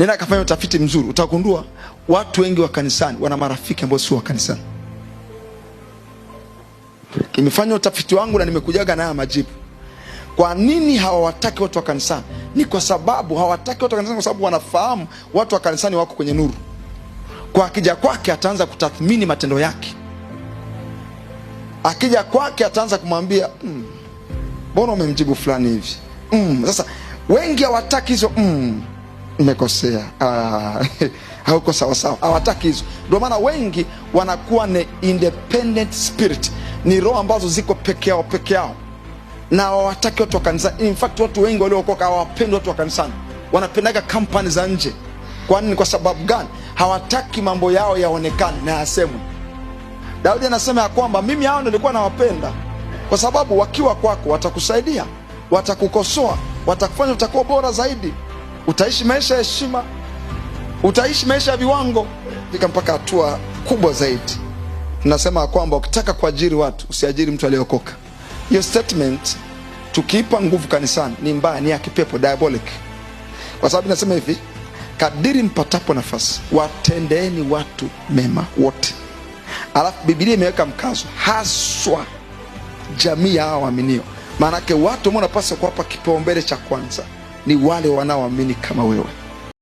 Nenda kafanya utafiti mzuri, utagundua watu wengi wa kanisani wana marafiki ambao sio wa kanisani. Nimefanya utafiti wangu na nimekujaga nayo majibu. Kwa nini hawawataki watu wa kanisani? Ni kwa sababu hawataki watu wa kanisani, kwa sababu wanafahamu watu wa kanisani wako kwenye nuru. Kwa akija kwake ataanza kutathmini matendo yake. Akija kwake ataanza kumwambia mm, mbona mm, umemjibu fulani hivi mm. Sasa wengi hawataki hizo mm umekosea, ah, hauko sawasawa, hawataki hizo. Ndio maana wengi wanakuwa ni independent spirit, ni roho ambazo ziko peke yao peke yao na hawataki watu wa kanisani. infact watu wengi waliokoka hawapendi watu wa kanisani, wanapendaga kampani za nje. Kwa nini? Kwa sababu gani? Hawataki mambo yao yaonekane na yasemwe. Daudi anasema ya kwamba mimi hao nilikuwa nawapenda kwa sababu wakiwa kwako watakusaidia, watakukosoa, watakufanya utakuwa bora zaidi utaishi maisha ya heshima, utaishi maisha ya viwango, fika mpaka hatua kubwa zaidi. Nasema kwamba ukitaka kuajiri watu usiajiri mtu aliyeokoka. Hiyo statement tukiipa nguvu kanisani ni mbaya, ni ya kipepo diabolic, kwa sababu nasema hivi, kadiri mpatapo nafasi watendeeni watu mema wote. Alafu Biblia imeweka mkazo haswa jamii ya hawa waaminio, maanake watu ambao unapaswa kuwapa kipaumbele cha kwanza ni wale wanaoamini kama wewe.